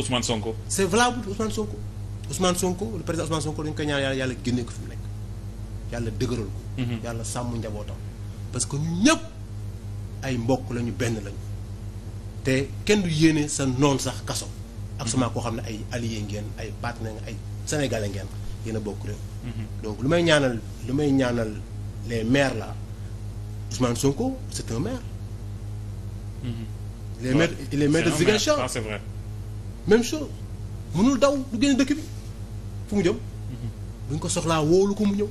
Ousmane Sonko. c' est valable pour Ousmane Sonko Ousmane Sonko le président Ousmane Sonko dañu koy ñaan yàlla yàlla génne ko fi mu nekk yàlla dëgëral ko. Mhm. yàlla sàmm njabootam. parce que ñu ñëpp ay mbokk lañu benn lañu te kenn du yéene sa noon sax kaso. ak sama mhm. koo xam ne ay allié ngeen ay partenaire ay sénégalais ngeen yéen a bokk réew. Mhm. donc lu may ñaanal lu may ñaanal les maires là Ousmane Sonko c' est un maire. les maires les maires de Ziguinchor c'est vrai. même chose mënul daw du génn dëkk bi fu mu jëm. Mhm. buñ ko soxlaa wóolu ko mu ñëw.